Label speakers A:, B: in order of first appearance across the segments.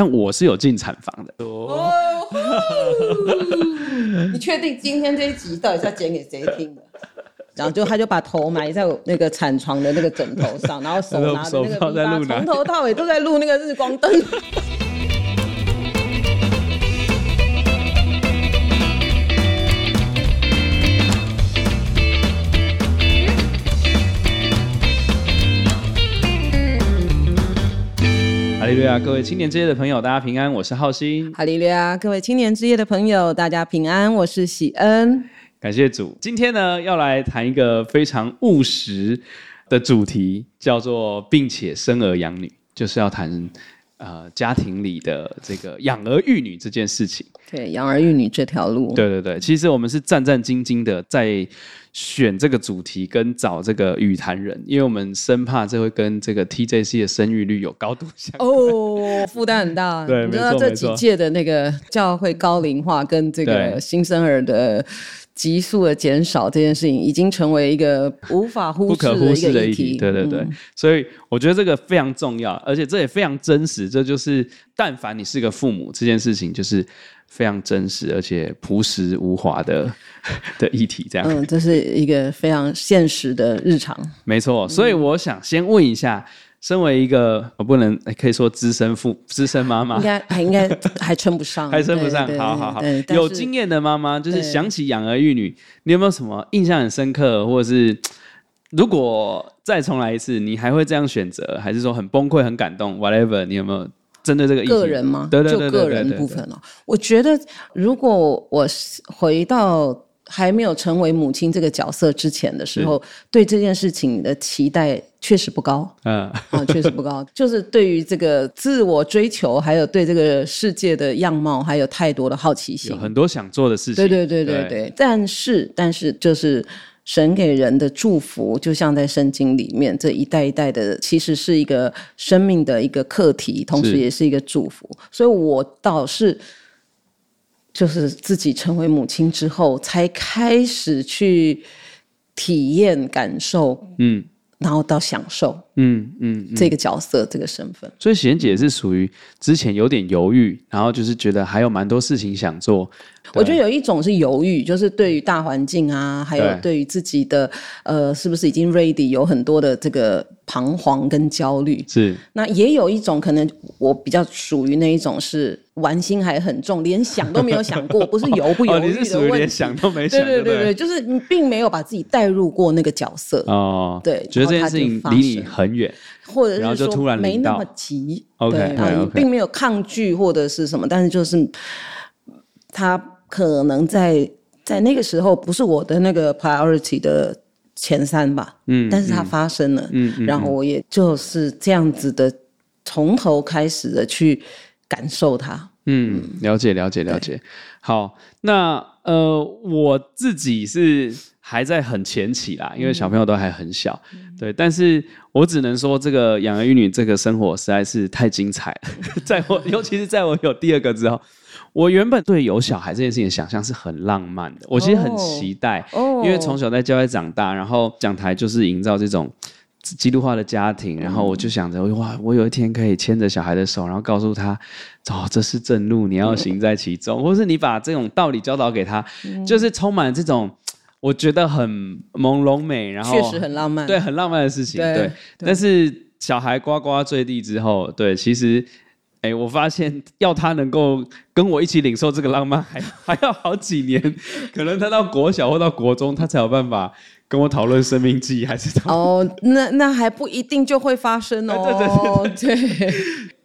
A: 但我是有進產房的。
B: 哦，你確定今天這一集到底是要剪給誰聽的？然後就他就把頭埋在那個產床的那個枕頭上，然後手拿着那個筆，從頭到尾都在錄那個日光燈。
A: 對啊，各位青年之夜的朋友，嗯、大家平安，我是浩興。
B: 哈利路亞，各位青年之夜的朋友，大家平安，我是喜恩。
A: 感謝主，今天呢要來談一個非常務實的主題，叫做並且生兒養女，就是要談。呃，家庭裡的這個養兒育女這件事情，對
B: 養兒育女這條路，對
A: 對對，其實我們是戰戰兢兢的在選這個主題跟找這個與談人，因為我們生怕這會跟這個 TJC 的生育率有高度
B: 相關，哦，oh, 負擔很大， 對，你知道錯，這幾屆的那個教會高齡化跟這個新生兒的。急速的減少這件事情已經成為一個無法忽視的議題，對對對，嗯、
A: 所以我覺得這個非常重要，而且這也非常真實，這就是但凡你是個父母，這件事情就是非常真實而且樸實無華的的議題，這樣、嗯，
B: 這是一個非常現實的日常，
A: 沒錯。所以我想先問一下。身為一個，我不能、欸、可以說資深父、資深媽媽，應該
B: 還應該還稱不上， 還稱不上。對對對好好好，對對對有經
A: 驗的媽媽就是想起養兒育女，對你有沒有什麼印象很深刻，或者是如果再重來一次，你還會這樣選擇，還是說很崩潰、很感動？whatever，你有沒有針對這個？個人嗎？對對對對對就個人的部分哦。對
B: 對對對對我覺得如果我回到。還沒有成為母親這個角色之前的時候，是對這件事情的期待確實不高，嗯啊， 確實不高。就是對於這個自我追求，還有對這個世界的樣貌，還有太多的好奇心，有
A: 很多想做的事情，對對對對對。對
B: 但是，但是，就是神給人的祝福，就像在聖經裡面，這一代一代的，其實是一個生命的，一個課題，同時也是一個祝福。是所以我倒是。就是自己成為母親之後，才開始去體驗、感受，嗯，然後到享受，嗯嗯，
A: 嗯嗯，這個
B: 角色、這個身份。
A: 所以賢姐是屬於之前有點猶豫，然後就是覺得還有蠻多事情想做。我覺
B: 得有一種是猶豫，就是對於大環境啊，還有對於自己的對呃，是不是已經 ready，有很多的這個。彷徨跟焦慮是，那也有一種可能，我比較屬於那一種，是玩心還很重，連想都沒有想過，不是猶不猶豫的問題、 哦哦、你，是屬於連
A: 想都沒想對，對對對對，就
B: 是你並沒有把自己帶入過那個角色啊，哦、
A: 對，覺得這件事情離你很遠，
B: 或者是說突然沒那麼急
A: ，OK，啊，並
B: 沒有抗拒或者是什麼，但是就是他可能在在那個時候，不是我的那個 priority 的。前三吧，嗯，但是它發生了，
A: 嗯，嗯然後我
B: 也就是這樣子的從頭開始的去感受它，
A: 嗯，了解了解了解。對好，那呃我自己是還在很前期啦，因為小朋友都還很小，嗯、對，但是我只能說這個養兒育女這個生活實在是太精彩了，嗯、 在我尤其是在我有第二個之後。我原本對有小孩這件事情的想象是很浪漫的，哦、我其實很期待，哦、因為從小在教會長大，然後講臺就是營造這種基督化的家庭，嗯、然後我就想着，哇，我有一天可以牽着小孩的手，然後告訴他，哦，這是正路，你要行在其中，嗯、或是你把這種道理教導給他，嗯、就是充滿這種我覺得很朦朧美，然後確實很浪漫，對，很浪漫的事情，對。對對，但是小孩呱呱墜地之後，對，其實。哎，我發現要他能夠跟我一起領受這個浪漫還，還還要好幾年，可能他到國小或到國中，他才有辦法跟我討論生命意義，還
B: 是哦，那那還不一定就會發生哦。對對對對，對，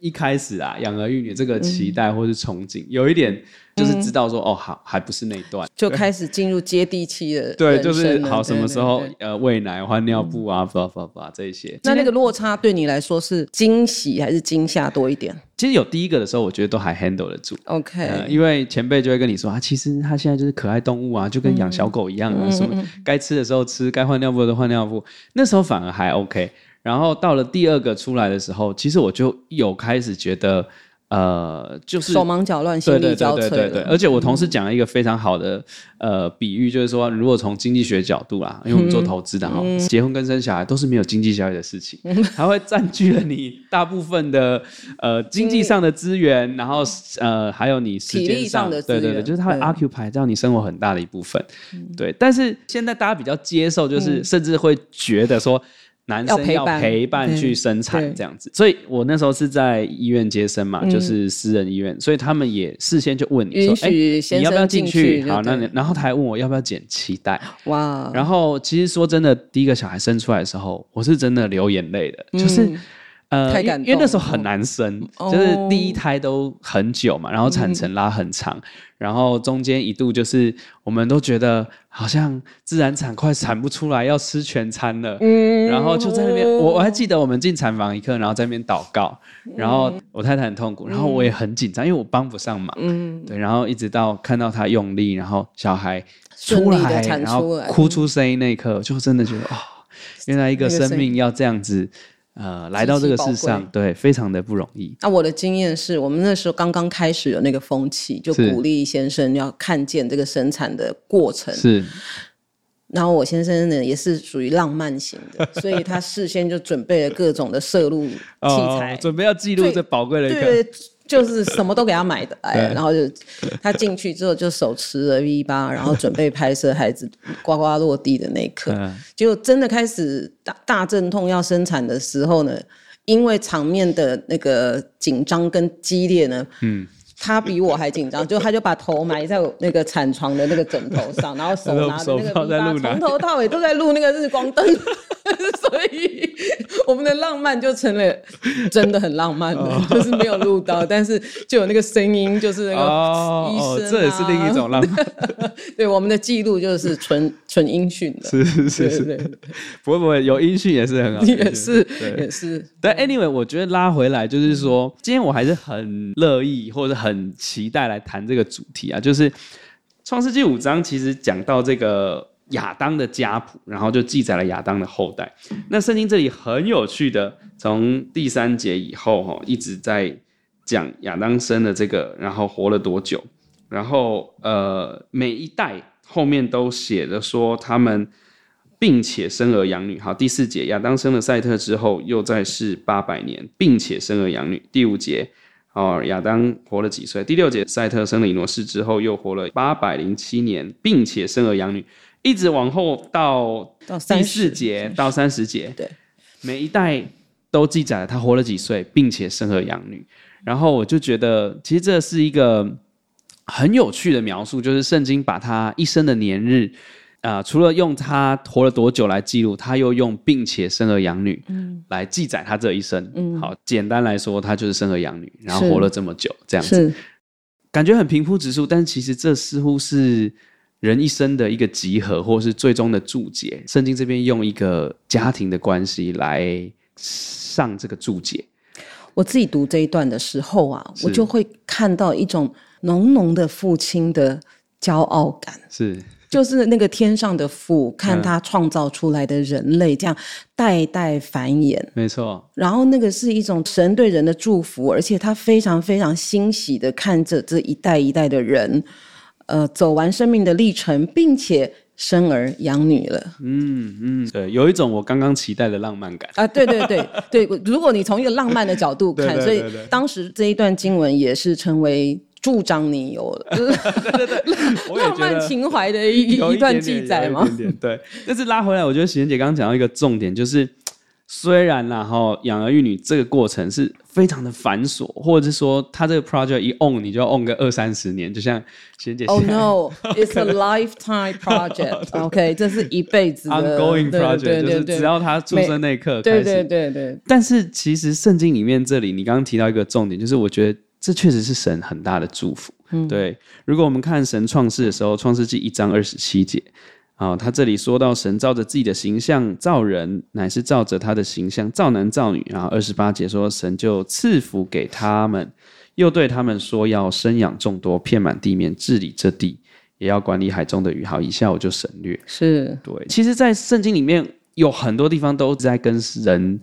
A: 一開始啊，養兒育女這個期待或是憧憬，嗯、有一點。就是知道說哦，好，還不是那一段就開
B: 始進入接地氣的了對，就是好什麼時候，對對
A: 對對，呃，喂奶換尿布啊，不不不，blah blah blah blah, 這些。那那
B: 個落差對你來說是驚喜還是驚嚇多一點？
A: 其實有第一個的時候，我覺得都還 handle 得住。OK，呃，因為前輩就會跟你說啊，其實他現在就是可愛動物啊，就跟養小狗一樣啊，什麼該吃的時候吃，該換尿布的時候換尿布。那時候反而還 OK。然後到了第二個出來的時候，其實我就有開始覺得。呃，就是手忙腳亂，心力交瘁。對對、對、對、對、對、對。而且我同事講了一個非常好的、嗯、呃比喻，就是說，如果從經濟學角度啊，因為我們做投資的哈，嗯、結婚跟生小孩都是沒有經濟效益的事情，嗯、還會佔據了你大部分的呃經濟上的資源，經然後呃還有你時間體力上的資源。對對對，就是它會 occupy 掉你生活很大的一部分。嗯、對。但是現在大家比較接受，就是甚至會覺得說。嗯男生要陪，要陪伴去生產這樣子，嗯、所以我那時候是在醫院接生嘛，嗯、就是私人醫院，所以他們也事先就問你說：“哎、欸，你要不要進去？”對好，那你然後他還問我要不要剪臍帶，哇！然後其實說真的，第一個小孩生出來的時候，我是真的流眼淚的，就是。嗯呃，因為那時候很難生，就是第一胎都很久嘛，然後產程拉很長，然後中間一度就是我們都覺得好像自然產快產不出來，要吃全餐了，嗯，然後就在那邊，我我還記得我們進產房一刻，然後在那邊禱告，然後我太太很痛苦，然後我也很緊張，因為我幫不上忙，對，然後一直到看到她用力，然後小孩出來，然後哭出聲音那一刻，就真的覺得哦，原來一個生命要這樣子。呃，來到這個世上，對，非常的不容易。
B: 那、啊、我的經驗是我們那時候剛剛開始有那個風氣，就鼓勵先生要看見這個生產的過程。是，然後我先生呢也是屬於浪漫型的， 所以他事先就準備了各種的攝錄器材，哦、準
A: 備要記錄這寶貴的一個。對
B: 對就是什麼都給他買的。 哎，然後就他進去之後就手持了 V8，然後準備拍攝孩子呱呱落地的那一刻， 結果真的開始大大陣痛要生產的時候呢，因為場面的那個緊張跟激烈呢，嗯他比我還緊張，就他就把頭埋在我那個產床的那個枕頭上，然後手拿着那個筆，從頭到尾都在錄那個日光燈， 所以我們的浪漫就成了真的很浪漫的，就是沒有錄到，但是就有那個聲音，就是那個醫生，啊，哦，這也是另一種
A: 浪漫。
B: 對，我們的記錄就是純。純音訊的，是是是
A: 是，對對對，不會不會，有音訊也是很好，也是也是。但對是 anyway，我覺得拉回來就是說，嗯、今天我還是很樂意或者很期待來談這個主題啊。就是創世紀五章其實講到這個亞當的家譜，然後就記載了亞當的後代。那聖經這裡很有趣的，從第三節以後哈、哦，一直在講亞當生的這個，然後活了多久，然後呃每一代。後面都寫着說他們，並且生兒養女。好，第四節亞當生了塞特之後，又在世八百年，並且生兒養女。第五節，哦，亞當活了幾歲？第六節，塞特生了以挪士之後，又活了八百零七年，並且生兒養女。一直往後到，到三四節十到三十節，對，每一代都記載了他活了幾歲，並且生兒養女。然後我就覺得，其實這是一個。很有趣的描述，就是聖經把他一生的年日啊、呃，除了用他活了多久來記錄，他又用並且生兒養女，嗯，來記載他這一生。嗯，好，簡單來說，他就是生兒養女，然後活了這麼久，是這樣子。是感覺很平鋪直述，但是其實這似乎是人一生的一個集合，或是最終的注解。聖經這邊用一個家庭的關係來上這個注解。
B: 我自己讀這一段的時候啊，是我就會看到一種濃濃的父親的驕傲感，是，就是那個天上的父看他創造出來的人類這樣代代繁衍。沒錯。然後那個是一種神對人的祝福，而且他非常非常欣喜，的看着這一代一代的人，呃，走完生命的歷程，並且。生兒養女了，
A: 嗯嗯，對，有一種我剛剛期待的浪漫感
B: 啊，對對對 對，如果你從一個浪漫的角度看，所以當時這一段經文也是成為助長你有浪漫情懷的一一，點點一段記載嗎？
A: 對， 但是拉回來，我覺得喜仁姐剛剛講到一個重點就是。雖然然後養兒育女這個過程是非常的繁瑣，或者是說他這個 project 一 on 你就要 on 個二三十年，就像學姐現在。
B: Oh no, it's a lifetime project. OK，這是一輩子的 ongoing project，就是只要他出生那一刻開始。對，對對對對。
A: 但是其實聖經裡面這裡你剛剛提到一個重點，就是我覺得這確實是神很大的祝福。嗯，對。如果我們看神創世的時候，創世記一章二十七節。啊、哦，他這裡說到神照着自己的形象造人，乃是照着他的形象造男造女。啊。二十八節說，神就賜福給他們，又對他們說，要生養眾多，遍滿地面，治理這地，也要管理海中的魚。好，以下我就省略。是對，其實，在聖經裡面有很多地方都在跟人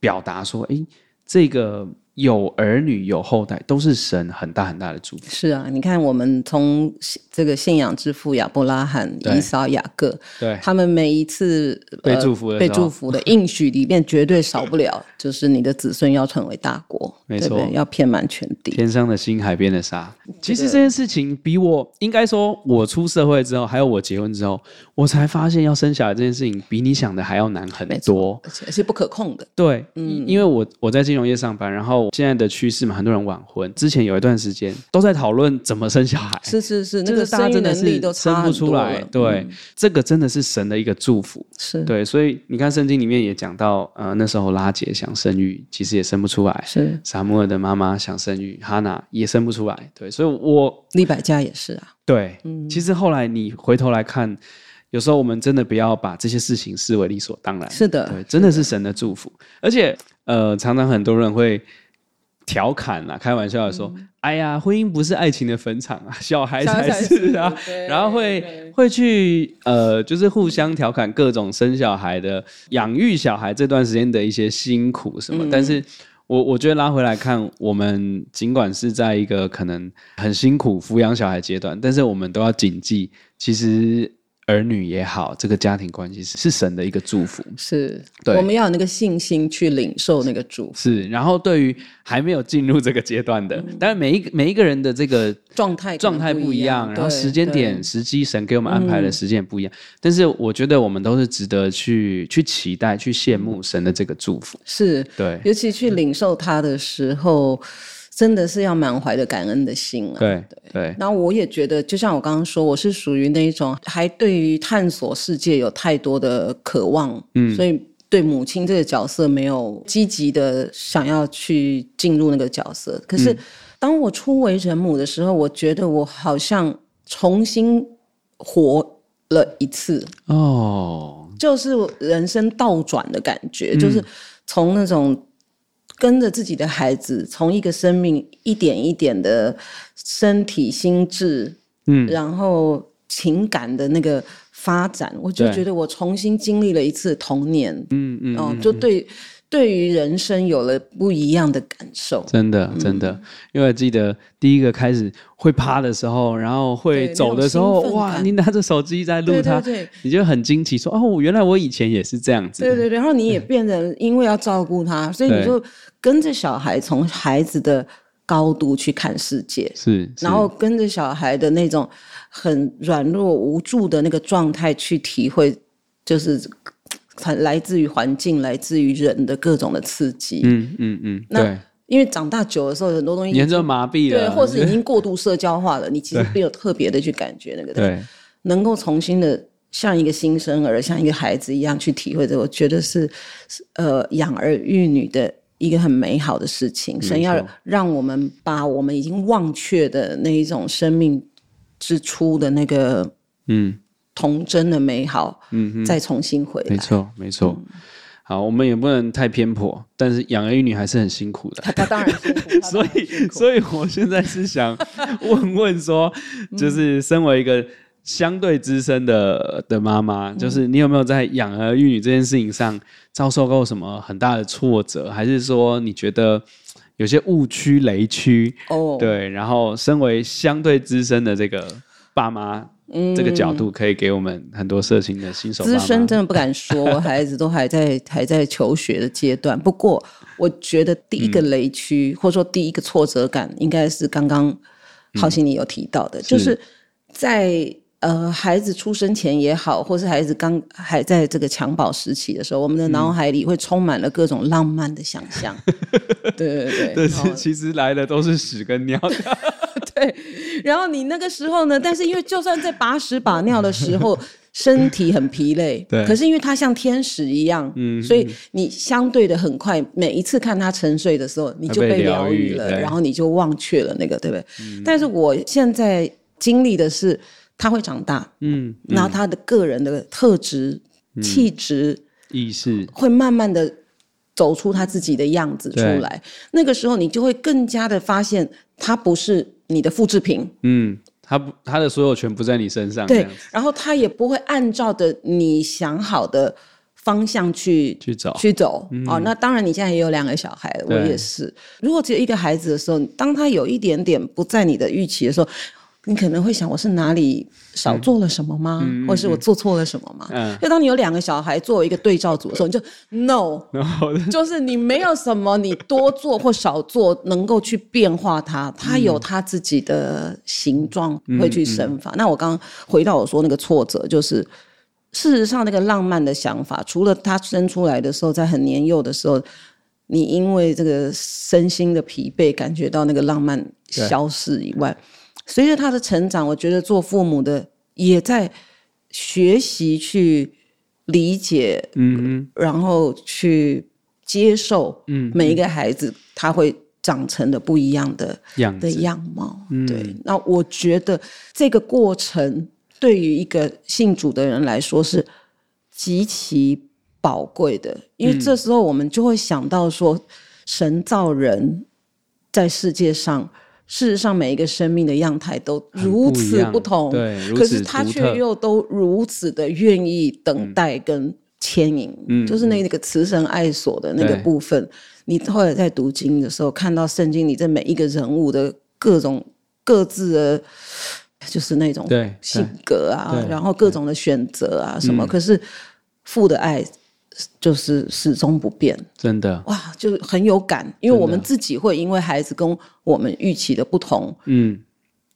A: 表達說，誒，這個。有兒女有後代，都是神很大很大的祝福。
B: 是啊，你看我們從這個信仰之父亞伯拉罕、對以撒、雅各，對，他們每一次被祝福的、呃、被祝福的應許裡面，絕對少不了 就是你的子孫要成為大國，沒錯，對對，要遍滿全
A: 地。天上的星，海邊的沙。其實這件事情，比我應該說，我出社會之後，還有我結婚之後，我才發現要生小孩這件事情，比你想的還要難很多，而且是不可控的。對，嗯，因為我我在金融業上班，然後。現在的趨勢嘛，很多人晚婚。之前有一段時間都在討論怎麼生小孩。是
B: 是是，那個生育能力都差不多
A: 生不出來。對，嗯、這個真的是神的一個祝福。是對，所以你看聖經裡面也講到，呃，那時候拉結想生育，其實也生不出來；是撒母耳的媽媽想生育哈拿，也生不出來。對，所以我利百加也是啊。對，嗯、其實後來你回頭來看，有時候我們真的不要把這些事情視為理所當然。是的，對，真的是神的祝福。的而且，呃，常常很多人會。調侃啊，開玩笑的說，嗯、哎呀，婚姻不是愛情的墳場啊，小孩才是啊。是，然後會會去呃，就是互相調侃各種生小孩的、養育小孩這段時間的一些辛苦什麼。嗯、但是我我覺得拉回來看，我們儘管是在一個可能很辛苦撫養小孩階段，但是我們都要謹記，其實。兒女也好，這個家庭關係是神的一個祝福，是，對。我們要有那個信心去領受那個祝福。是，然後對於還沒有進入這個階段的，當然、嗯、每一個每一個人的這個狀態狀態不一樣，一樣然後時間點對時機神給我們安排的時間也不一樣。但是我覺得我們都是值得去去期待、去羨慕神的這個祝福。是對，
B: 尤其去領受他的時候。嗯真的是要滿懷的感恩的心啊！對對對，那對對我也覺得，就像我剛剛說，我是屬於那一種還對於探索世界有太多的渴望，嗯，所以對母親這個角色沒有積極的想要去進入那個角色。可是當我初為人母的時候，嗯、我覺得我好像重新活了一次
A: 哦，
B: 就是人生倒轉的感覺，嗯、就是從那種，跟着自己的孩子，從一個生命一點一點的身體、心智，嗯，然後情感的那個發展，對我就覺得我重新經歷了一次童年，嗯嗯，嗯嗯哦，就對。嗯對於人生有了不一樣的感
A: 受，真的真的，真的嗯、因為記得第一個開始會趴的時候，然後會走的時候，哇！你拿着手機在錄他，對對對，你就很驚奇說：“哦，原來我以前也是這樣子。”對，
B: 對對，然後你也變得因為要照顧他，嗯、所以你就對跟着小孩從孩子的高度去看世界，
A: 是，是，然後
B: 跟着小孩的那種很軟弱無助的那個狀態去體會，就是。來自於環境，來自於人的各種的刺激。
A: 嗯嗯嗯。嗯嗯，那對因為
B: 長大久的時候，很多
A: 東西嚴重麻痹了，對，或是已經過
B: 度社交化了， 你其實沒有特別的去感覺對那個。對，能夠重新的像一個新生兒，像一個孩子一樣去體會這，我覺得是呃養兒育女的一個很美好的事情。神錯要讓我們把我們已經忘卻的那一種生命之初的那個嗯。童
A: 真的美好，嗯哼，再重新回來。沒錯，沒錯。好，我們也不能太偏頗，嗯、但是養兒育女還是很辛苦的。他，他當然辛苦， 所以，所以，我現在是想問問說， 就是身為一個相對資深的、嗯、的媽媽，就是你有沒有在養兒育女這件事情上遭受過什麼很大的挫折，還是說你覺得有些誤區、雷區？哦，對。然後，身為相對資深的這個爸媽。
B: 嗯、這個角度
A: 可以給我們很多色情的新手。資深真
B: 的不敢說，我 孩子都還在還在求學的階段。不過，我覺得第一個雷區，嗯、或者說第一個挫折感，應該是剛剛好心你有提到的，嗯、就是在是呃孩子出生前也好，或是孩子剛還在這個襁褓時期的時候，我們的腦海裡會充滿了各種浪漫的想象。
A: 嗯、對對對，但是其實來的都是屎跟尿。後
B: 對，然後你那個時候呢？但是因為就算在把屎把尿的時候，身體很疲累，對。可是因為他像天使一樣，嗯，所以你相對的很快，每一次看他沉睡的時候，你就被療癒了，然後你就忘卻了那個，對不對？但是我現在經歷的是，他會長大，
A: 嗯，然後他
B: 的個人的特質、氣質、
A: 意識
B: 會慢慢的走出他自己的樣子出來，那個時候，你就會更加的發現，他不是。你的複製品，嗯，
A: 他不，他的所有權不在你身上，對，
B: 然後他也不會按照的你想好的方向去去找去走，去走、嗯、哦，那當然，你現在也有兩個小孩，我也是。對。如果只有一個孩子的時候，當他有一點點不在你的預期的時候。你可能會想，我是哪裡少做了什麼嗎？嗯嗯嗯、或是我做錯了什麼嗎？嗯、就當你有兩個小孩作為一個對照組的時候，你就 no，就是你沒有什麼，你多做或少做能夠去變化它，它有它自己的形狀會去生發。嗯嗯嗯、那我剛回到我說那個挫折，就是事實上那個浪漫的想法，除了它生出來的時候，在很年幼的時候，你因為這個身心的疲憊，感覺到那個浪漫消失以外。隨着他的成長，我覺得做父母的也在學習去理解，嗯、mm，hmm. 然後去接受，嗯，每一個孩子他會長成的不一樣的樣子的樣貌。對，mm hmm. 那我覺得這個過程對於一個信主的人來說是極其寶貴的，因為這時候我們就會想到說，神造人在世界上。事實上，每一個生命的樣態都如此不同，對，可是他卻又都如此的願意等待跟牽引，嗯嗯嗯、就是那個慈神愛所的那個部分。對你後來在讀經的時候，看到聖經裡這每一個人物的各種各自的，就是那種性格啊，然後各種的選擇啊什麼，嗯、可是父的愛。就是始終不變，真的哇，就是很有感，因為我們自己會因為孩子跟我們預期的不同，
A: 嗯，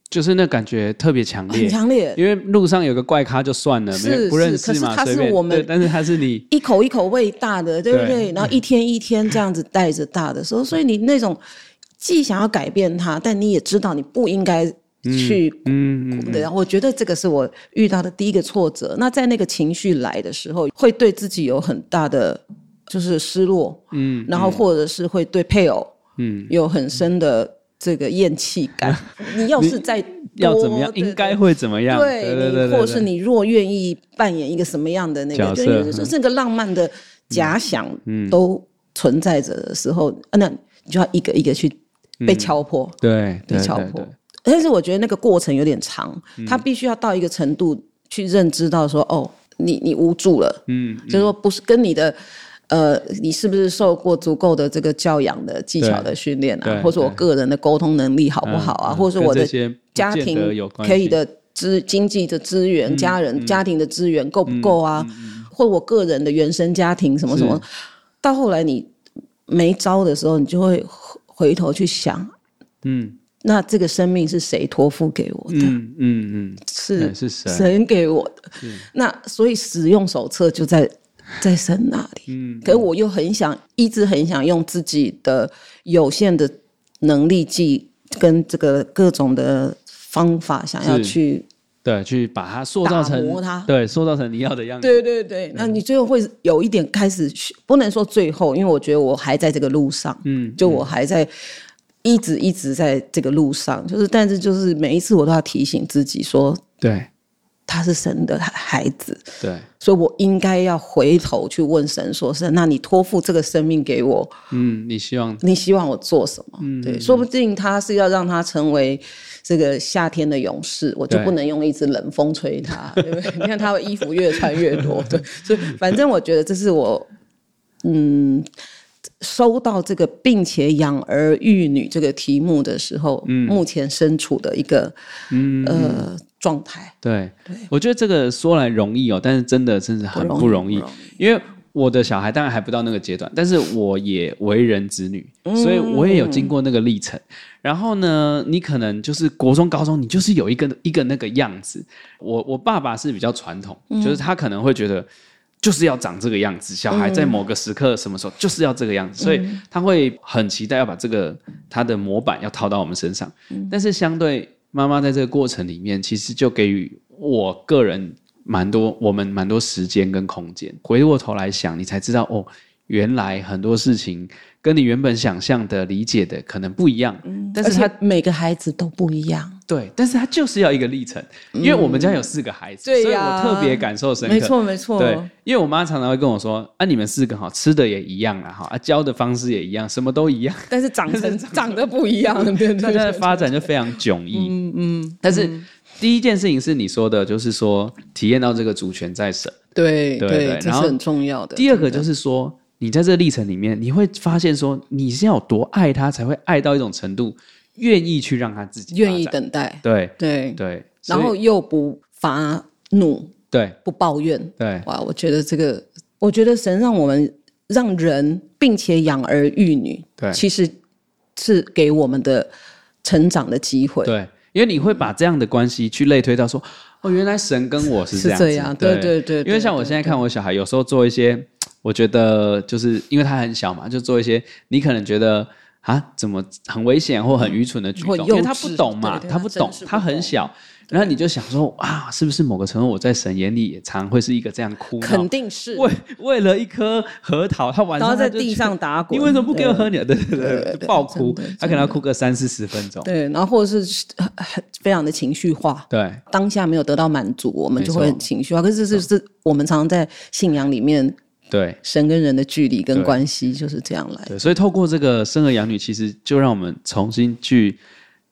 A: 就是那感覺特別強烈，很強烈。因為路上有個怪咖就算了，是不認識嘛，是，可是，他是我們隨便。但是他是你
B: 一口一口餵大的，對不對？對，然後一天一天這樣子帶着大的時候，對所以你那種既想要改變他，但你也知道你不應該。去，對呀，我覺得這個是我遇到的第一個挫折。那在那個情緒來的時候，會對自己有很大的就是失落，嗯，
A: 然後或
B: 者是會對配偶，
A: 嗯，
B: 有很深的這個厭棄感。你要是在要怎麼樣，
A: 應該會怎麼樣？對，或是你
B: 若願意扮演一個什麼樣的那個，就是這個浪漫的假想都存在着的時候，那你就要一個一個去
A: 被敲破，對，被敲破。
B: 但是我覺得那個過程有點長，他、嗯、必須要到一個程度去認知到說，哦，你你無助了，嗯，就是、嗯、說不是跟你的，呃，你是不是受過足夠的這個教養的技巧的訓練啊，或者我個人的溝通能力好不好啊，嗯嗯、或者是我的家庭可以的資經濟的資源、家人家庭的資源夠不夠啊，嗯嗯、或我個人的原生家庭什麼什麼，是到後來你沒招的時候，你就會回頭去想，嗯。那這個生命是誰托付給我的？嗯
A: 嗯嗯，嗯嗯是神給
B: 我的。嗯、那所以使用手冊就在在神那裡。嗯、可我又很想、嗯、一直很想用自己的有限的能力及跟這個各種的方法，想要去
A: 對去把它塑造成對塑造成你要的樣子。對
B: 對對。那你最後會有一點開始去，不能說最後，因為我覺得我還在這個路上。嗯，就我還在。嗯一直一直在這個路上，就是，但是就是每一次我都要提醒自己說，對，他是神的孩子，對，所以我應該要回頭去問神說，說神，那你托付這個生命給我，
A: 嗯，你希望你希
B: 望我做什麼？嗯、對，說不定他是要讓他成為這個夏天的勇士，我就不能用一直冷風吹他，對，
A: 對不對？ 你看他的
B: 衣服越穿越多，對，所以反正我覺得這是我，嗯。收到這個並且養兒育女這個題目的時候，嗯、目前身處的一個、
A: 嗯、呃狀態。對，對，我覺得這個說來容易哦，但是真的真是很不容易。不容易、不容易。因為我的小孩當然還不到那個階段，但是我也為人子女， 所以我也有經過那個歷程。嗯、然後呢，你可能就是國中、高中，你就是有一個一個那個樣子。我我爸爸是比較傳統，就是他可能會覺得。嗯就是要長這個樣子，小孩在某個時刻什麼時候就是要這個樣子，嗯、所以他會很期待要把這個他的模板要套到我們身上。嗯、但是相對媽媽在這個過程裡面，其實就給予我個人蠻多我們蠻多時間跟空間。回過頭來想，你才知道哦。原來很多事情跟你原本想象的理解的可能不一樣，
B: 但是它每個孩子都不一樣，
A: 對，但是它就是要一個歷程。因為我們家有四個孩子，所以我特別感受深刻，沒錯沒錯，對，因為我媽常常會跟我說：“啊，你們四個哈，吃的也一樣哈，啊，教的方式也一樣，什麼都一樣，但是長成
B: 長得不一樣，大家的
A: 發展就非常迥異，嗯嗯。但是第一件事情是你說的，就是說體驗到這個主權在神，對對，這是很重要的。第二個就是說。你在這個歷程裡面，你會發現說你是要有多愛他，才會愛到一種程度，願意去讓他自己
B: 願意等待，
A: 對對對，然後
B: 又不發怒，對，不抱怨，對哇，我覺得這個，我覺得神讓我們讓人並且養兒育女，對，其實是給我們的成長的機
A: 會，對，因為你會把這樣的關係去類推到說，哦，原來神跟我是這樣，對對對，因為像我現在看我小孩，有時候做一些。我覺得就是因為他很小嘛，就做一些你可能覺得啊，怎麼很危險或很愚蠢的舉動，因為他不懂嘛，他不懂，他很小，然後你就想說啊，是不是某個程度我在神眼裡也常會是一個這樣哭？肯定是為為了一顆核桃，他晚上在地上打滾，你為什麼不給我喝你的，對對對，爆哭，他可能要哭個三四十分鐘，
B: 對，然後或者是非常的情緒化，對，當下沒有得到滿足，我們就會很情緒化，可是是是，我們常常在信仰裡面。對，神跟人的距離跟關係就是這
A: 樣來的。對，所以透過這個生兒養女，其實就讓我們重新去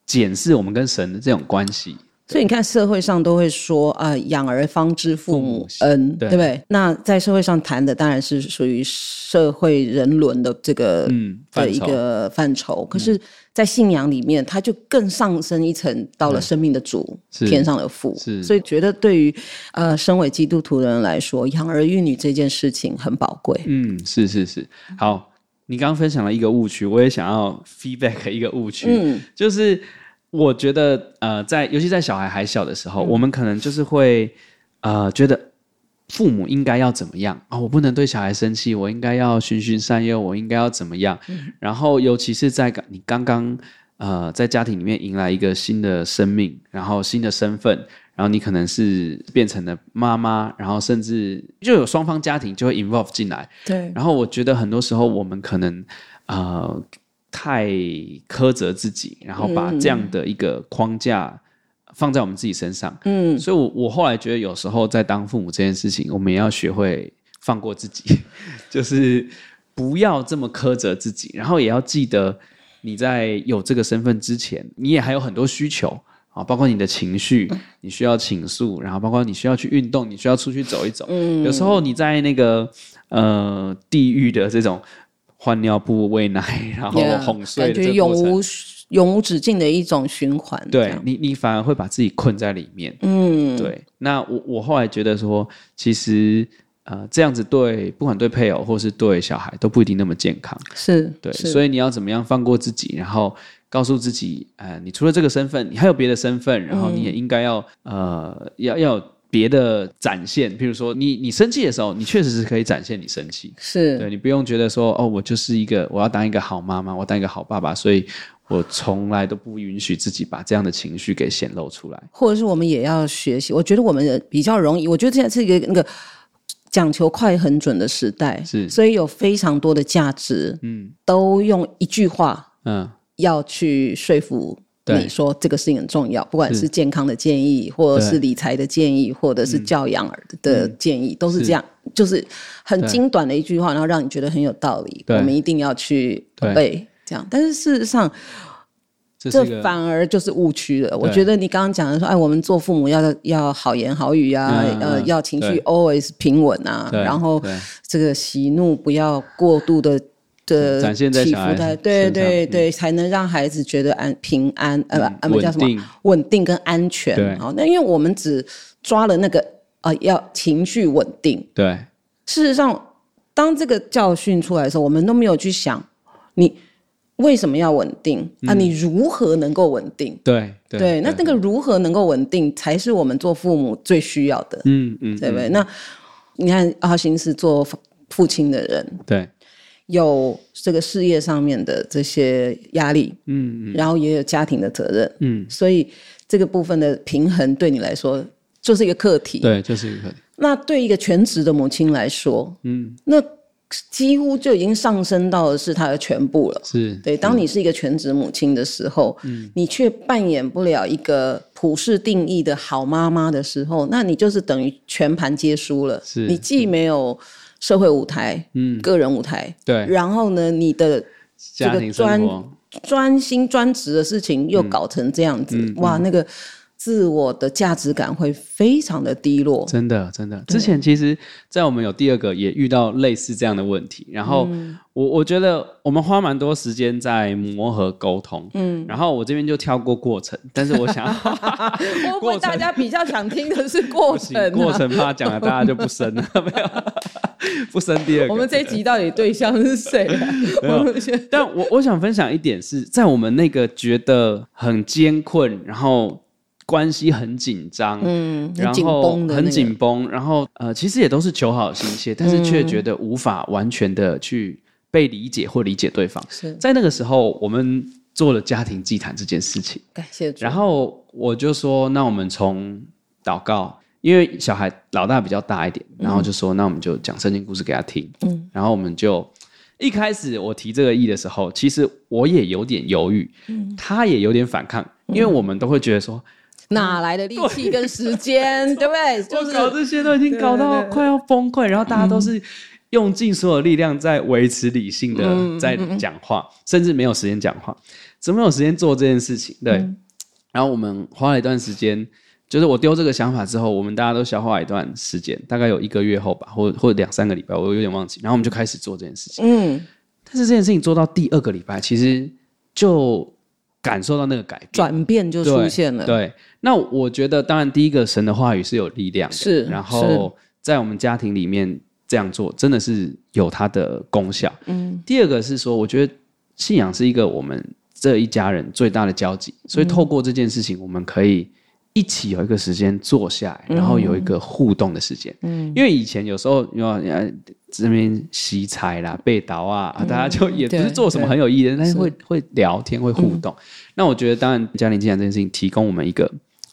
A: 檢視我們跟神的這種關係。
B: 所以你看，社會上都會說啊、呃，“養兒方知父母，父母恩”，對，對不對？那在社會上談的當然是屬於社會人倫的這個的一個範疇。嗯、範疇可是，在信仰裡面，它就更上升一層，到了生命的主，嗯、天上的父。所以，覺得對於呃，身為基督徒的人來說，養兒育女這件事情很寶貴。
A: 嗯，是是是。好，你剛剛分享了一個誤區，我也想要 feedback 一個誤區，嗯，就是。我覺得，呃，在尤其在小孩還小的時候，嗯、我們可能就是會，呃，覺得父母應該要怎麼樣啊、哦？我不能對小孩生氣，我應該要循循善誘，我應該要怎麼樣？嗯、然後，尤其是在你剛剛呃在家庭裡面迎來一個新的生命，然後新的身份，然後你可能是變成了媽媽，然後甚至就有雙方家庭就會 involve 進來。對。然後，我覺得很多時候我們可能呃……太苛責自己，然後把這樣的一個框架放在我們自己身上。嗯，所以我，我我後來覺得，有時候在當父母這件事情，我們也要學會放過自己， 就是不要這麼苛責自己，然後也要記得你在有這個身份之前，你也還有很多需求啊，包括你的情緒，你需要傾訴，然後包括你需要去運動，你需要出去走一走。嗯，有時候你在那個呃地獄的這種。換尿布、餵奶，然後哄睡，yeah, 感覺永無
B: 永無止境的一種循環。
A: 對你，你反而會把自己困在裡面。嗯，對。那我我後來覺得說，其實呃，這樣子對，不管對配偶或是對小孩，都不一定那麼健康。
B: 是，對。是所以你
A: 要怎麼樣放過自己？然後告訴自己，呃，你除了這個身份，你還有別的身份，然後你也應該要呃，要要。別的展現，譬如說，你，你生氣的時候，你確實是可以展現你生氣，是，對，你不用覺得說哦，我就是一個，我要當一個好媽媽，我要當一個好爸爸，所以我從來都不允許自己把這樣的情緒給顯露出來。
B: 或者是我們也要學習，我覺得我們比較容易，我覺得現在是一個那個講求快很準的時代，是，所以有非常多的價值，嗯，都用一句話，嗯，要去說服。嗯你說這個事情很重要，不管是健康的建議，或者是理財的建議，或者是教養兒的建議，都是這樣，就是很精短的一句話，然後讓你覺得很有道理，我們一定要去背這樣。但是事實上，這反而就是誤區了。我覺得你剛剛講的說，哎，我們做父母要要好言好語啊，呃，要情緒 always 平穩啊，然後這個喜怒不要過度的。的起伏的。對對對，才能讓孩子覺得安平安，呃，不叫什麼穩定跟安全。對。那因為我們只抓了那個啊，要情緒穩定。
A: 對。
B: 事實上，當這個教訓出來的時候，我們都沒有去想，你為什麼要穩定啊？你如何能夠穩定？
A: 對對。那
B: 那個如何能夠穩定，才是我們做父母最需要的。嗯嗯，對不對？那你看阿星是做父親的人，對。有這個事業上面的這些壓力，嗯，嗯，然後也有家庭的責任，嗯，所以這個部分的平衡對你來說就是一個課題，對，
A: 就是一個課
B: 題。那對一個全職的母親來說，嗯，那幾乎就已經上升到的是她的全部了，是對。當你是一個全職母親的時候，嗯，你卻扮演不了一個普世定義的好媽媽的時候，那你就是等於全盤皆輸了，是你既沒有。社會舞台，嗯，個人舞台，對，然後呢，你的
A: 這個專
B: 專心專職的事情又搞成這樣子，嗯、哇，嗯、那個。自我的價值感會非常的低落，
A: 真的，真的。之前其實，在我們有第二個也遇到類似這樣的問題，然後我我覺得我們花蠻多時間在磨合溝通，嗯。然後我這邊就跳過過程，但是我想，
B: 我問大家比較想聽的是過程，過程怕講了大家就不
A: 生了，不生第二個。我們這一
B: 集到底對象是誰？沒有，
A: 但我我想分享一點是在我們那個覺得很艱困，然後。關係很緊張，嗯、那個然，然後很緊繃，然後呃，其實也都是求好心切，但是卻覺得無法完全的去被理解或理解對方，是在那個時候，我們做了家庭祭壇這件事情，感謝主。然後我就說，那我們從禱告，因為小孩老大比較大一點，然後就說，嗯、那我們就講聖經故事給他聽。嗯，然後我們就一開始我提這個意義的時候，其實我也有點猶豫，嗯、他也有點反抗，因為我們都會覺得說。
B: 哪來的力氣跟時間？嗯、對，對，對不對？就是搞這些都已經搞到快
A: 要崩潰，然後大家都是用盡所有力量在維持理性的，在講話，嗯、甚至沒有時間講話，怎麼、嗯、有時間做這件事情？對。嗯、然後我們花了一段時間，就是我丟這個想法之後，我們大家都消化了一段時間，大概有一個月後吧，或或兩三個禮拜，我有點忘記。然後我們就開始做這件事情。嗯。但是這件事情做到第二個禮拜，其實就。感受到那個改變，轉變就出現了對。對，那我覺得，當然，第一個神的話語是有力量的，是。然後是在我們家庭裡面這樣做，真的是有它的功效。嗯。第二個是說，我覺得信仰是一個我們這一家人最大的交集，所以透過這件事情，我們可以。一起有一個時間坐下來，然後有一個互動的時間。嗯，因為以前有時候有呃這邊洗菜啦、被刀啊、嗯、啊，大家就也不是做什麼很有意義的，但是會是會聊天、會互動。嗯、那我覺得，當然家庭經營這件事情，提供我們一個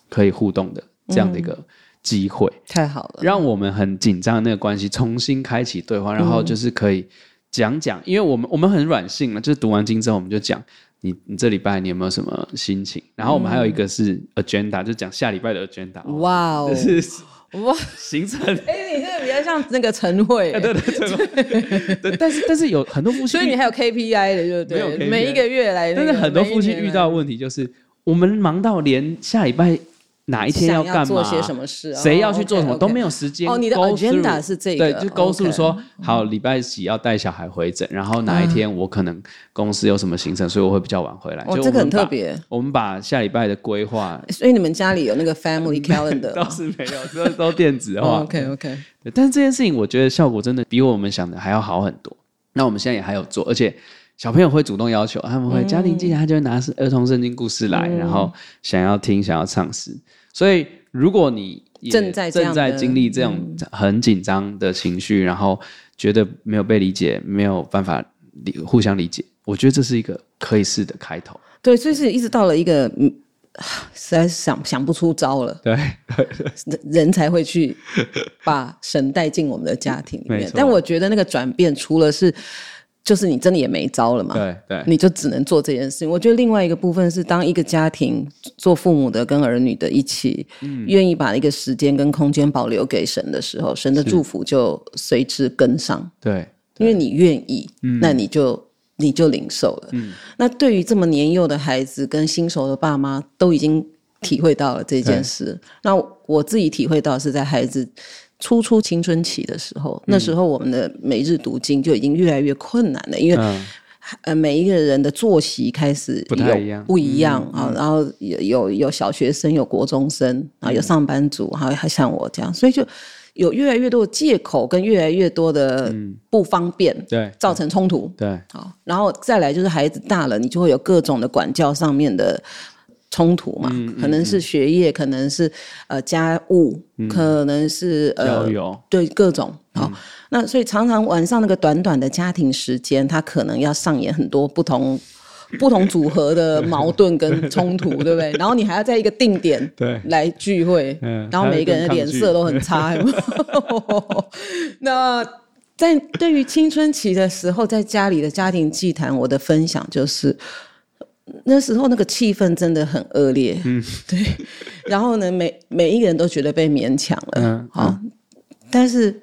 A: 可以互動的這樣的一個機會，嗯，太好了，讓我們很緊張的那個關係重新開啟對話，然後就是可以講講，嗯、因為我們我們很軟性嘛，就是讀完經之後我們就講。你你這禮拜你有沒有什麼心情？然後我們還有一個是 agenda、嗯、就講下禮拜的 agenda。哇哦，就是哇行程。哎、欸，
B: 你這個比較像那個晨會、啊。對對
A: 對。對，但是但是有很多夫妻，所以你
B: 還有 KPI 的就對，對不對？沒有 KPI，每一個月來、那個。但是很多夫妻遇
A: 到的問題就是，我們忙到連下禮拜。哪一天要幹嘛做些什麼事？誰要去做什麼都沒有時間。哦，你的 agenda 是這個對，就 go through 說好，禮拜幾要帶小孩回診，然後哪一天我可能公司有什麼行程，所以我會比較晚回來。就這個很特別。我們把下禮拜的規劃。
B: 所以你們家裡有那個 family calendar？
A: 倒是沒有，這是都電子化。
B: OK OK。
A: 但是這件事情，我覺得效果真的比我們想的還要好很多。那我們現在也還有做，而且。小朋友會主動要求，他們會家庭祭壇，他就會拿是兒童聖經故事來，嗯、然後想要聽，想要唱詩。所以，如果你
B: 正正在經歷這種
A: 很緊張的情緒，嗯、然後覺得沒有被理解，沒有辦法理互相理解，我覺得這是一個可以試的開頭。
B: 對，所以是一直到了一個實在想想不出招了，對， 人才會去把神帶進我們的家庭裡面。沒錯。但我覺得那個轉變，除了是。就是你真的也沒招了嘛？對對，對你就只能做這件事情。我覺得另外一個部分是，當一個家庭做父母的跟兒女的一起，願意把一個時間跟空間保留給神的時候，神的祝福就隨之跟上。對，對，因為你願意，嗯，那你就你就領受了。嗯，那對於這麼年幼的孩子跟新手的爸媽，都已經體會到了這件事。對。那我自己體會到的是在孩子。初出青春期的時候，嗯、那時候我們的每日讀經就已經越來越困難了，因為、嗯、呃，每一個人的作息開始不一樣，不一樣啊、嗯。然後有有有小學生，有國中生啊，嗯、有上班族哈，嗯、還，還像我這樣，所以就有越來越多的借口，跟越來越多的不方便，嗯、對，造成衝突，對，對，好，然後再來就是孩子大了，你就會有各種的管教上面的。衝突嘛，嗯嗯嗯，可能是學業，可能是呃家務，嗯、可能是呃交友對各種好，嗯、那所以常常晚上那個短短的家庭時間，他可能要上演很多不同不同組合的矛盾跟衝突， 對不對？然後你還要在一個定點對來聚會，嗯、然後每一個人的臉色都很差。 那在對於青春期的時候，在家裡的家庭祭壇，我的分享就是。那時候那個氣氛真的很惡劣，嗯，對。然後呢，每每一個人都覺得被勉強了，嗯，好、啊。嗯、但是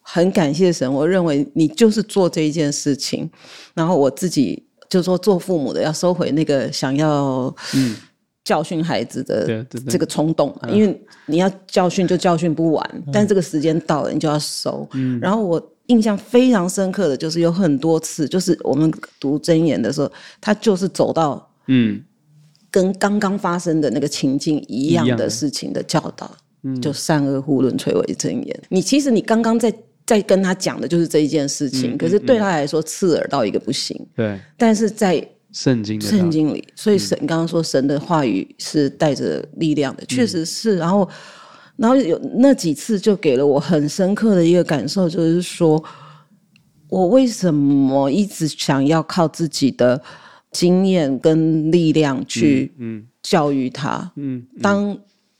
B: 很感謝神，我認為你就是做這一件事情。然後我自己就是說，做父母的要收回那個想要教訓孩子的這個衝動，嗯、因為你要教訓就教訓不完，嗯、但這個時間到了，你就要收。嗯、然後我。印象非常深刻的就是有很多次，就是我們讀箴言的時候，他就是走到嗯，跟剛剛發生的那個情境一樣的事情的教導，嗯、就善惡互論，垂為箴言。嗯、你其實你剛剛在在跟他講的就是這一件事情，嗯嗯嗯、可是對他來說刺耳到一個不
A: 行。對，但是在聖經裡聖經
B: 裡，所以神剛剛說神的話語是帶着力量的，嗯、確實是。然後。然後有那幾次就給了我很深刻的一個感受，就是說，我為什麼一直想要靠自己的經驗跟力量去教育他？
A: 嗯，
B: 嗯，當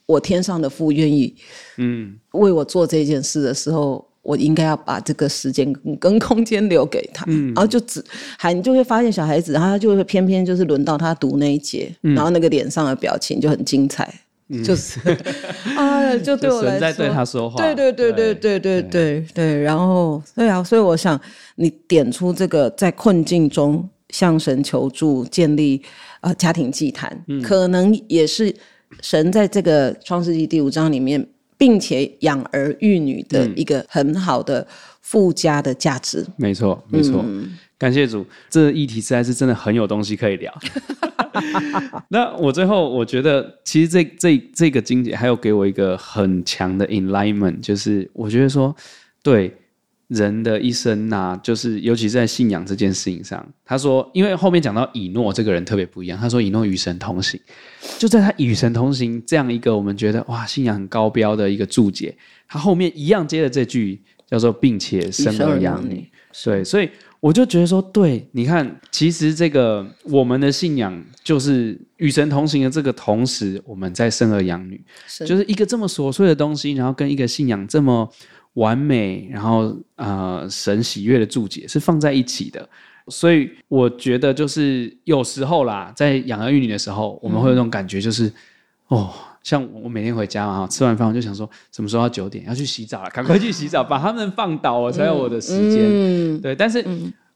B: 我天上的父願意，為我做這件事的時候，我應該要把這個時間跟空間留給他。嗯，然後就只還你就會發現小孩子，他就會偏偏就是輪到他讀那一節，嗯，然後那個臉上的表情就很精彩。
A: 就是，哎，就對我來說，神在對他說話，對對對
B: 對對對對對，對，對，對。然後，對啊，所以我想你點出這個在困境中向神求助，建立呃家庭祭壇，嗯、可能也是神在這個創世紀第五章裡面。並且養兒育女的一個很好的附加的價值，嗯、
A: 沒錯，沒錯。嗯、感謝主，這議題實在是真的很有東西可以聊。 那我最後我覺得，其實這這這個經節還有給我一個很強的 enlightenment，就是我覺得說，對。人的一生吶、啊，就是尤其在信仰這件事情上。他說，因為後面講到以諾這個人特別不一樣。他說，以諾與神同行，就在他與神同行這樣一個我們覺得哇，信仰很高標的一個注解。他後面一樣接了這句叫做並且生兒養女。養女對，是所以我就覺得說，對你看，其實這個我們的信仰就是與神同行的這個同時，我們在生兒養女，是就是一個這麼瑣碎的東西，然後跟一個信仰這麼。完美，然後啊、呃，神喜悅的注解是放在一起的，所以我覺得就是有時候啦，在養兒育女的時候，我們會有那種感覺，就是、嗯、哦，像我每天回家嘛，吃完飯我就想說，什麼時候要九點要去洗澡了、啊，趕快，快去洗澡，把他們放倒，我才有我的時間。嗯嗯、對，但是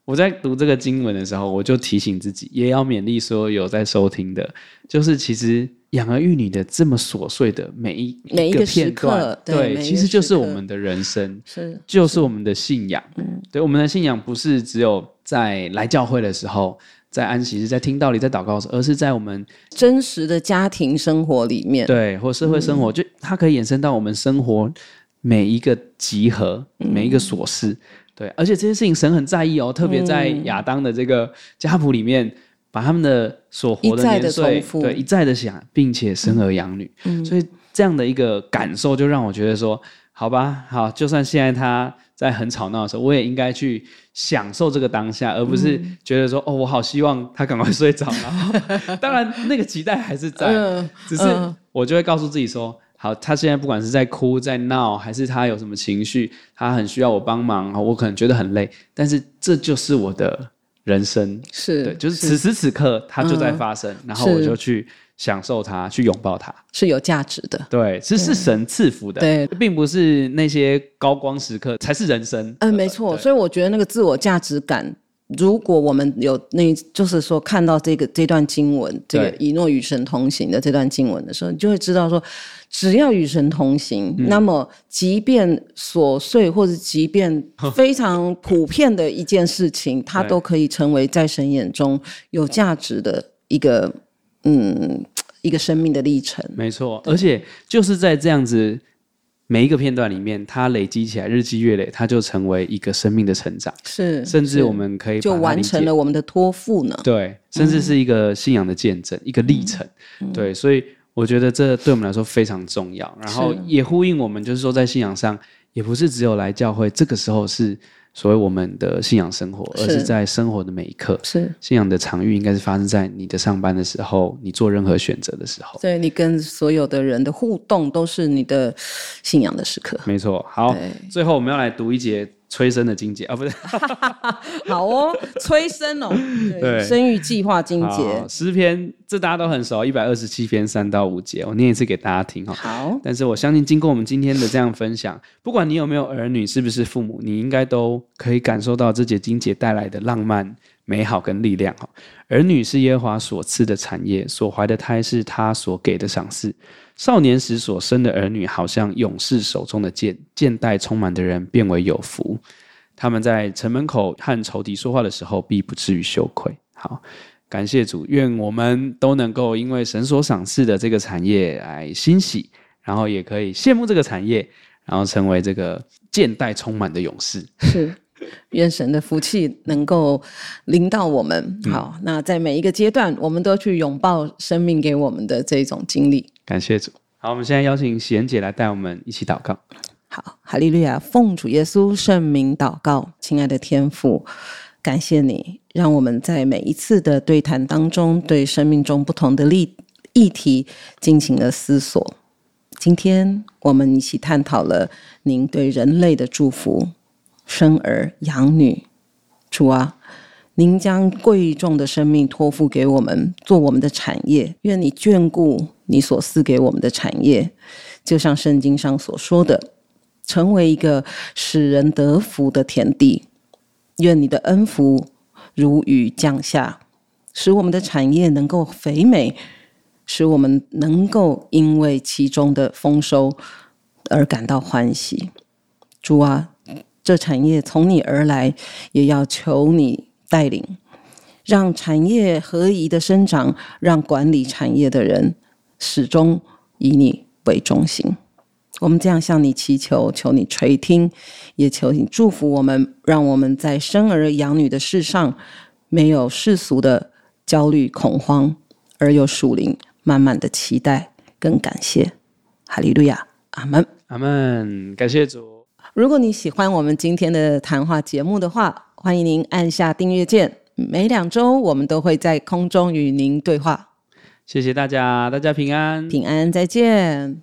A: 我在讀這個經文的時候，我就提醒自己，也要勉勵說有在收聽的，就是其實。養兒育女的這麼瑣碎的每一每一個片刻，對，對刻其實就是我們的人生，是，就是我們的信仰。對，我們的信仰不是只有在來教會的時候，在安息日，在聽道理，在禱告的時候，而是在我們
B: 真實的家庭
A: 生活裡面，對，或社會生活，嗯、就它可以延伸到我們生活每一個集合，每一個瑣事，嗯、對。而且這些事情神很在意哦，特別在亞當的這個家譜裡面。嗯嗯把他們的所活的年歲，一對，一再的想，並且生兒養女，嗯嗯、所以這樣的一個感受就讓我覺得說，好吧，好，就算現在他在很吵鬧的時候，我也應該去享受這個當下，而不是覺得說，嗯、哦，我好希望他趕快睡着了、啊。 當然，那個期待還是在， 只是我就會告訴自己說，好，他現在不管是在哭、在鬧，還是他有什麼情緒，他很需要我幫忙，我可能覺得很累，但是這就是我的。人生是對，就是此時此刻它就在發生，是然後我就去享受它，嗯、去擁抱它，是有價值的。對，其實對是神賜福的。對，並不是那些高光時刻才是人生。
B: 嗯、呃，呃、沒錯。對所以我覺得那個自我價值感如果我們有那，就是說看到這個這段經文，這個以諾與神同行的這段經文的時候，對你就會知道說，只要與神同行，嗯、那麼即便瑣碎或者即便非常普遍的一件事情， 它都可以成為在神眼中有價值的一個，嗯，一個生命的
A: 歷程。沒錯，對而且就是在這樣子。每一個片段裡面，它累積起來，日積月累，它就成為一個生命的成長。是，
B: 甚至我們
A: 可以就完成了我
B: 們的托付呢。
A: 對，甚至是一個信仰的見證，嗯、一個歷程。嗯、對，所以我覺得這對我們來說非常重要。然後也呼應我們，就是說在信仰上，也不是只有來教會，這個時候是。所以我們的信仰生活，而是在生活的每一刻，是信仰的常遇，應該是發生在你的上班的時候，你做任何選擇的時候，
B: 對你跟所有的人的互動都是你的信仰的時刻。
A: 沒錯，好，對最後我們要來讀一節。催生的經節啊，不是， 好哦，催生哦，
B: 對，生育計劃經節，
A: 詩篇這大家都很熟，一百二十七篇三到五節，我念一次給大家聽哈。好，但是我相信經過我們今天的這樣分享，不管你有沒有兒女，是不是父母，你應該都可以感受到這節經節帶來的浪漫。美好跟力量。兒女是耶和華所賜的產業，所懷的胎是他所給的賞賜。少年時所生的兒女，好像勇士手中的箭，箭袋充滿的人，便為有福。他們在城門口和仇敵說話的時候，必不至於羞愧。好，感謝主，願我們都能夠因為神所賞賜的這個產業來欣喜，然後也可以羨慕這個產業，然後成為這個箭袋充滿的勇士。是。
B: 願神的福氣能夠臨到
A: 我們。好，
B: 那在每一個階段，我們都去擁抱生命給我們的這種經
A: 歷。感謝主。好，我們現在邀請喜恩姐來帶我們一起禱告。好，哈利路亞！
B: 奉主耶穌聖名禱告，親愛的天父，感謝你讓我們在每一次的對談當中，對生命中不同的立議題進行了思索。今天我們一起探討了您對人類的祝福。生兒養女，主啊，您將貴重的生命托付給我們，做我們的產業。願你眷顧你所賜給我們的產業，就像聖經上所說的，成為一個使人得福的田地。願你的恩福如雨降下，使我們的產業能夠肥美，使我們能夠因為其中的豐收而感到歡喜。主啊，這產業從你而來，也要求你帶領，讓產業合一的生長，讓管理產業的人始終以你為中心。我們這樣向你祈求，求你垂聽，也求你祝福我們，讓我們在生兒養女的事上沒有世俗的焦慮恐慌，而有屬靈滿滿的期待跟感謝。哈利路亞，
A: 阿門，阿門，感謝主。
B: 如果你喜歡我們今天的談話節目的話，歡迎您按下訂閱鍵。每兩週，我們都會在空中與您對話。
A: 謝謝大家，大家平安，
B: 平安再見。